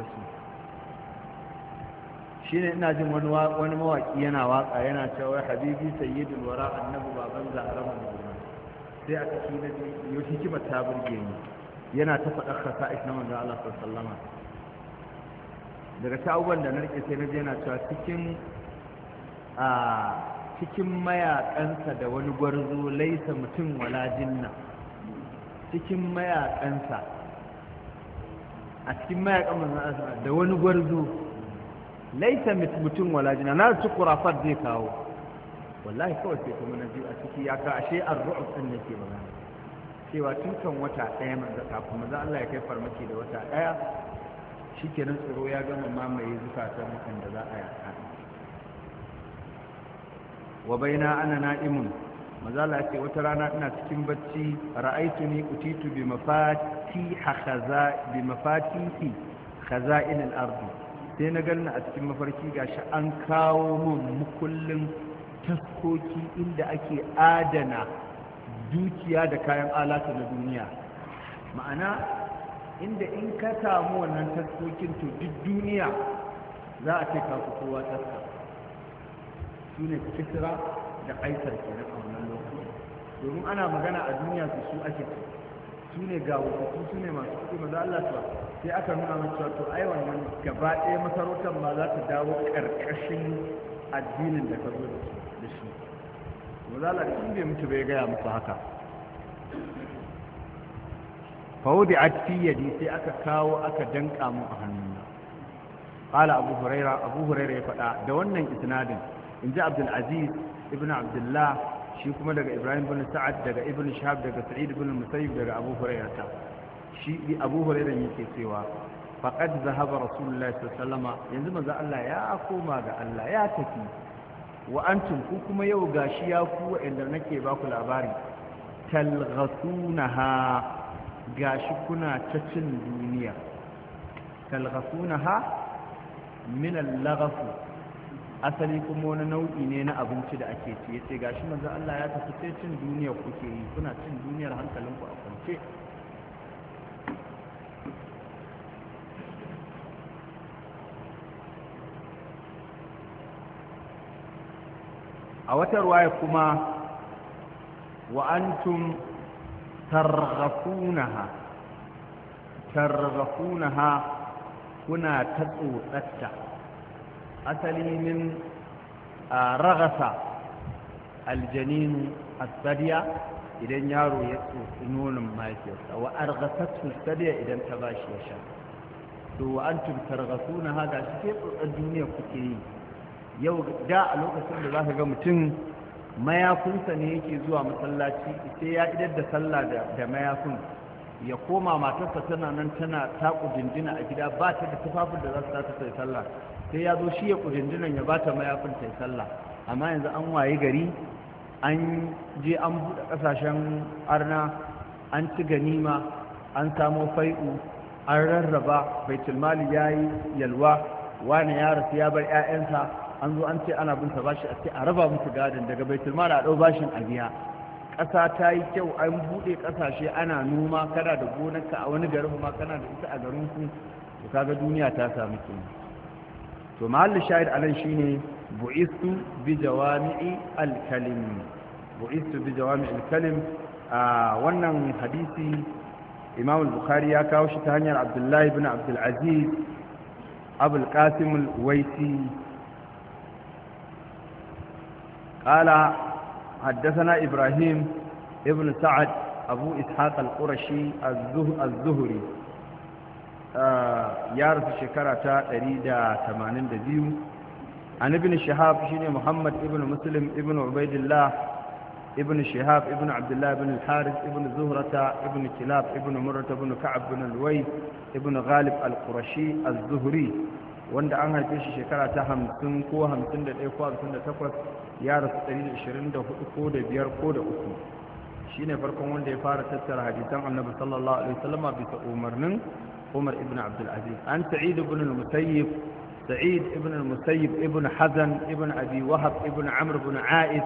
shi ne ina jin wani mawaƙi yana waka yana cewa habibi sayyidul wara annabu baban zahara sai a ciki na yau kima ta burge ni yana ta faɗar khasa'is na manzo Allah sallallahu daga ta da na rike sai na je yana cewa cikin ah, cikin mayakansa da wani gwarzo laisa mutum wala jinna cikin mayakansa a cikin mayakan da wani gwarzo laisa mutum wala jinna na ci kurafat zai kawo wallahi kawai sai kuma na biyu a ciki ya ka ashe an ru'u sun ne ke magana cewa tun wata ɗaya manzo kafin manzo Allah ya kai farmaki da wata ɗaya shikenan tsoro ya gama mamaye zukatan da za a yaka wa ana na'imun mazala ce wata rana ina cikin bacci ra'aituni utitu bi mafatiha haza bi mafatihi sai na ganna a cikin mafarki gashi an kawo mun mukullin taskoki inda ake adana dukiya da kayan alata na duniya ma'ana inda in ka samu wannan taskokin to duk duniya za a ce kafi kowa taska su ne fitira da aikar ke a wannan lokacin domin ana magana a duniya su su ake su ne ga wakatu su ne masu kuɗi maza Allah ta sai aka nuna mai cewa to ai wannan gaba ɗaya masarautar ma za ta dawo ƙarƙashin addinin da ka zo da shi maza Allah tun bai mutu bai gaya musu haka fawudi a fiyadi sai aka kawo aka danka mu a hannuna qala abu huraira abu huraira ya faɗa da wannan isnadin in ji abdulaziz ibn abdullah shi kuma daga ibrahim bin sa'ad daga ibn shahab daga sa'id bin musayyib daga abu hurairata shi abu hurairar yake cewa faqad zahaba rasulullahi sallallahu yanzu manzo Allah ya koma ga Allah ya tafi wa antum ku kuma yau gashi ya ku inda nake ba ku labari talghasunaha gashi kuna ta cin duniya talghasunaha min al-laghafu asali kuma wani nau'i ne na abinci da ake ci ya ce gashi manzo Allah ya tafi sai cin duniyar kuke yi kuna cin duniyar hankalinku a kwance a wata ruwaya kuma wa'antun tarrafunaha targhafunaha kuna ta tsotsarta asali min ragasa aljaninu asadiya idan yaro ya tsotsi nonon mahaifiyarsa wa argasatu sadiya idan ta ba shi ya sha to wa an tuntar gasu na haga shi ke tsotsar duniya kuke yi yau da a lokacin da za ka ga mutum mayakunsa ne yake zuwa masallaci sai ya idar da sallah da mayakun ya koma matarsa tana nan tana taku jinjina a gida ba ta da tufafin da za su ta sai sallah sai ya zo shi ya kudindinan ya bata mayafin ta sallah amma yanzu an waye gari an je an buɗe ƙasashen arna an ci ganima an samo fai'u an rarraba baitulmali ya yi yalwa wani ya rasu ya bar 'ya'yansa an zo an ce ana bin sa bashi a ce a raba musu gadin daga baitulmali a ɗau bashin a biya ƙasa ta yi kyau an buɗe ƙasashe ana noma kana da gonarka a wani garin ma kana da ita a garin ku to kaga duniya ta samu kenan to mahallin shahid anan shine bu'istu bi jawami'i al-kalim bu'istu bi jawami'i al a wannan hadisi imam al-bukhari ya kawo shi ta hanyar abdullahi ibn abdul aziz abul qasim al-waisi قال حدثنا إبراهيم ابن سعد أبو إسحاق القرشي الزهري ya rasu shekara ta 182 an ibn shahab shine muhammad ibn muslim ibn ubaidillah ibn shahab ibn abdullah ibn al-harith ibn zuhrata ibn kilab ibn murrata ibn ka'ab ibn al-wai ibn ghalib al-qurashi az-zuhri wanda an haife shi shekara ta 50 ko 51 ko 58 ya rasu 124 ko da 5 ko da 3 shine farkon wanda ya fara tattara hadisan annabi sallallahu alaihi wasallam bisa umarnin umar ibn abdulaziz an sa'id ibn al-musayyib ibn al ibn hazan ibn abi wahab ibn amr ibn a'id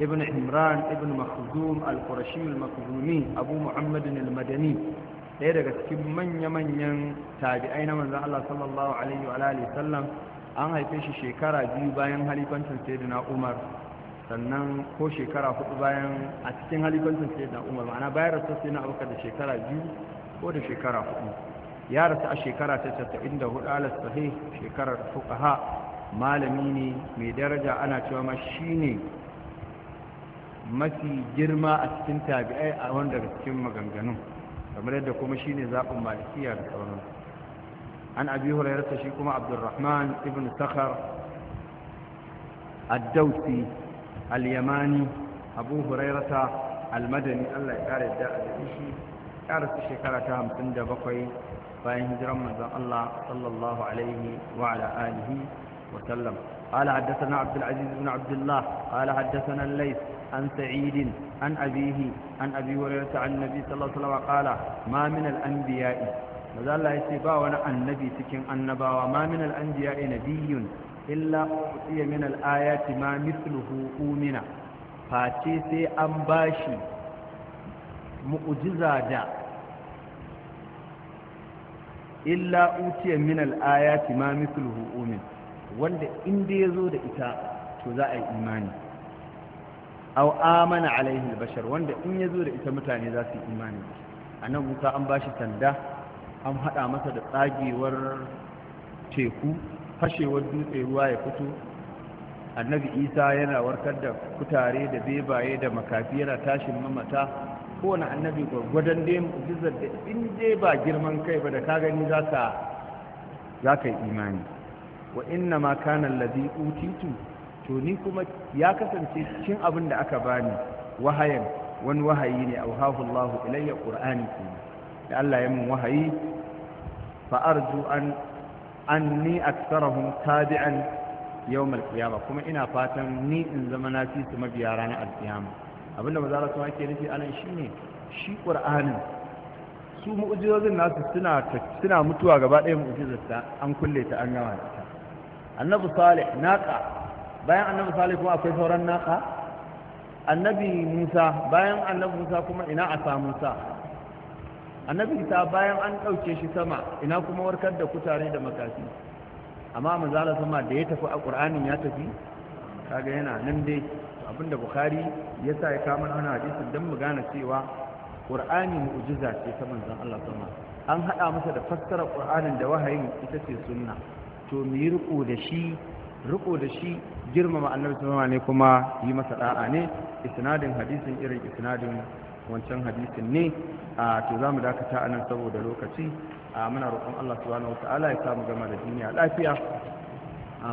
ibn imran ibn makhzum al-qurashi al-makhzumi abu muhammad al-madani daga cikin manya-manyan tabi'ai na manzon Allah sallallahu wa an haife shi shekara biyu bayan halifancin sayyidina Umar sannan ko shekara hudu bayan a cikin halifancin sayyidina Umar ma'ana bayan rasul sayyidina Abubakar da shekara biyu ko da shekara hudu ya rasu a shekara ta 94 ala sahih shekarar fukaha malami ne mai daraja ana cewa ma shine mafi girma a cikin tabi'ai a wanda cikin maganganu, kamar yadda kuma shine zaɓin malikiya da sauran an abi hurairarsa shi kuma abdurrahman ibn sakhar addausi al-yamani abu hurairarsa al-madani allah ya kare da a shi ya rasu shekara ta hamsin da bakwai bayan hijiran manzon Allah sallallahu alaihi wa ala alihi wa sallam قال حدثنا عبد العزيز بن عبد الله قال حدثنا الليث عن سعيد عن أبيه عن أبي هريرة عن النبي صلى الله عليه وسلم قال ما من الأنبياء ماذا الله يسيبا وانا النبي سكن النبا وما من الأنبياء نبي إلا أعطي من الآيات ما مثله أومنا فاتيسي أنباشي مؤجزة دا illa utiya min al-ayati ma mithluhu umin wanda inda yazo da ita to za a yi imani aw amana alaihi al-bashar wanda in yazo da ita mutane za su yi imani anan wuta an bashi sanda an haɗa masa da tsagewar teku fashewar dutse ruwa ya fito annabi Isa yana warkar da kutare da bebaye da makafi yana tashin mamata kowane annabi gwargwadon dai mu'jizar da in dai ba girman kai ba da ka gani za ka yi imani wa inna ma kana allazi utitu to ni kuma ya kasance cikin abin da aka bani wahayan wani wahayi ne auhahu Allah ilayya ƙur'ani kuma da Allah ya mun wahayi fa arju an anni aktsarahum tabi'an yau al kuma ina fatan ni in zama na fi su mabiya ranar al abinda mazala kuma ke nufi anan shine shi qur'anin su mu'jizozin nasu suna suna mutuwa gaba ɗaya mu'jizar ta an kulle ta an gama ta annabi salih naqa bayan annabi salih kuma akwai sauran naqa annabi musa bayan annabi musa kuma ina asa musa annabi ta bayan an ɗauke shi sama ina kuma warkar da kutare da makafi amma mazala sama da ya tafi a ƙur'anin ya tafi kaga yana nan dai abinda bukhari ya sa ya kama hana hadisin don mu gane cewa ƙur'ani mu'jiza ce ta manzon Allah sama an haɗa masa da fassarar ƙur'anin da wahayin ita ce sunna to mu yi riko da shi riko da shi girmama annabi sallallahu ne kuma yi masa ɗa'a ne isnadin hadisin irin isnadin wancan hadisin ne a to za mu dakata anan saboda lokaci a muna roƙon Allah subhanahu wataala ya samu gama da duniya lafiya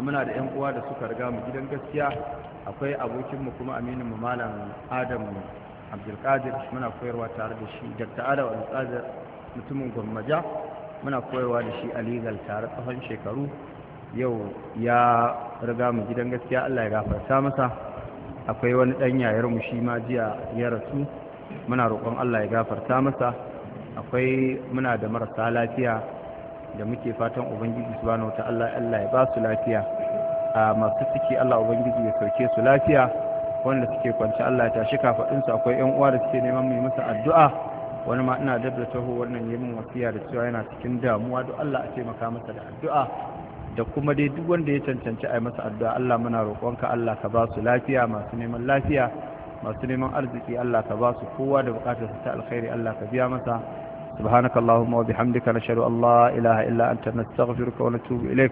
muna da yan uwa da suka riga mu gidan gaskiya akwai abokinmu kuma aminin mu malam adam abdulkadir muna koyarwa tare da shi dr adam abdulkadir mutumin gwammaja muna koyarwa da shi a legal tare tsawon shekaru yau ya riga mu gidan gaskiya allah ya gafarta masa akwai wani dan yayar mu shi ma jiya ya rasu muna roƙon allah ya gafarta masa akwai muna da marasa lafiya da muke fatan ubangiji subhanahu wa ta'ala allah ya ba su lafiya masu ciki Allah ubangiji ya sauke su lafiya wanda suke kwanci Allah ya tashi kafaɗinsu akwai yan uwa da suke neman mai masa addu'a wani ma ina dabda taho wannan min wasiya da cewa yana cikin damuwa don Allah a taimaka masa da addu'a da kuma dai duk wanda ya cancanci a yi masa addu'a Allah muna roƙonka Allah ka ba su lafiya masu neman lafiya masu neman arziki Allah ka ba su kowa da bukatar ta alkhairi Allah ka biya masa subhanakallahumma wa bihamdika nashhadu an la ilaha illa anta nastaghfiruka wa natubu ilaik